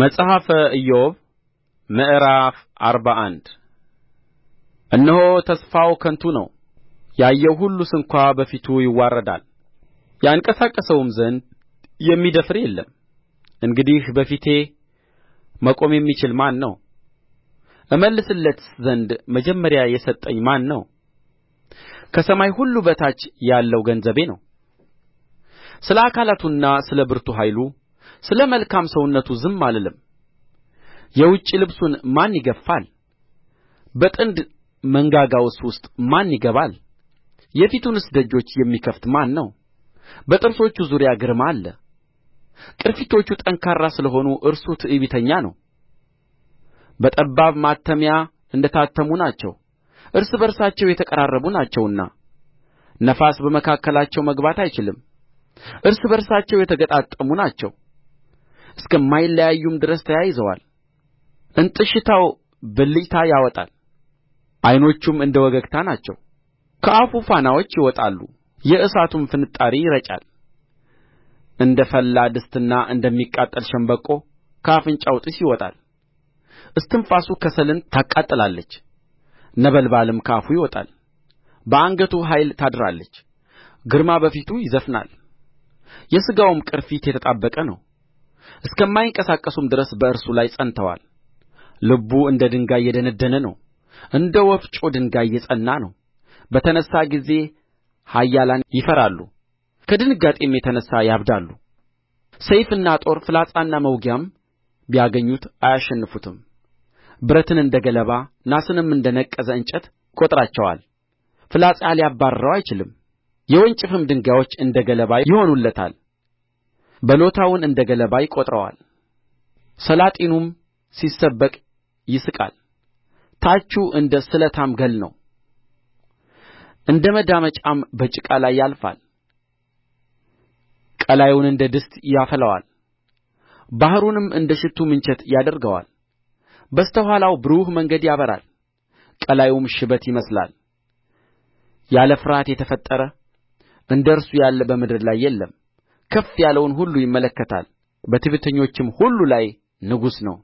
መጽሐፈ ኢዮብ ምዕራፍ አርባ አንድ እነሆ ተስፋው ከንቱ ነው ያየው ሁሉ ስንኳ በፊቱ ይዋረዳል ያንቀሳቅሰውም ዘንድ የሚደፍር የለም እንግዲህ በፊቴ መቆም የሚችል ማን ነው እመልስለትስ ዘንድ መጀመሪያ የሰጠኝ ማን ነው ከሰማይ ሁሉ በታች ያለው ገንዘቤ ነው ስለ አካላቱና ስለ ብርቱ ኃይሉ ስለ መልካም ሰውነቱ ዝም አልልም የውጭ ልብሱን ማን ይገፋል? በጥንድ መንጋጋውስ ውስጥ ማን ይገባል የፊቱንስ ደጆች የሚከፍት ማን ነው በጥርሶቹ ዙሪያ ግርማ አለ ቅርፊቶቹ ጠንካራ ስለ ሆኑ እርሱ ትዕቢተኛ ነው በጠባብ ማተሚያ እንደ ታተሙ ናቸው እርስ በርሳቸው የተቀራረቡ ናቸውና ነፋስ በመካከላቸው መግባት አይችልም እርስ በርሳቸው የተገጣጠሙ ናቸው እስከማይለያዩም ድረስ ተያይዘዋል እንጥሽታው ብልጭታ ያወጣል ዓይኖቹም እንደ ወገግታ ናቸው ከአፉ ፋናዎች ይወጣሉ የእሳቱም ፍንጣሪ ይረጫል እንደ ፈላ ድስትና እንደሚቃጠል ሸምበቆ ከአፍንጫው ጢስ ይወጣል እስትንፋሱ ከሰልን ታቃጥላለች ነበልባልም ከአፉ ይወጣል በአንገቱ ኃይል ታድራለች ግርማ በፊቱ ይዘፍናል የሥጋውም ቅርፊት የተጣበቀ ነው እስከማይንቀሳቀሱም ድረስ በእርሱ ላይ ጸንተዋል ልቡ እንደ ድንጋይ የደነደነ ነው እንደ ወፍጮ ድንጋይ የጸና ነው በተነሣ ጊዜ ኃያላን ይፈራሉ ከድንጋጤም የተነሣ ያብዳሉ ሰይፍና ጦር ፍላጻና መውጊያም ቢያገኙት አያሸንፉትም ብረትን እንደ ገለባ ናስንም እንደ ነቀዘ እንጨት ይቈጥራቸዋል ፍላጻ ሊያባርረው አይችልም የወንጭፍም ድንጋዮች እንደ ገለባ ይሆኑለታል በሎታውን እንደ ገለባ ይቈጥረዋል ሰላጢኑም ሲሰበቅ ይስቃል ታቹ እንደ ስለታም ገል ነው እንደ መዳመጫም በጭቃ ላይ ያልፋል ቀላዩን እንደ ድስት ያፈላዋል ባሕሩንም እንደ ሽቱ ምንቸት ያደርገዋል በስተ ኋላው ብሩህ መንገድ ያበራል ቀላዩም ሽበት ይመስላል ያለ ፍርሃት የተፈጠረ እንደ እርሱ ያለ በምድር ላይ የለም ከፍ ያለውን ሁሉ ይመለከታል በትዕቢተኞችም ሁሉ ላይ ንጉሥ ነው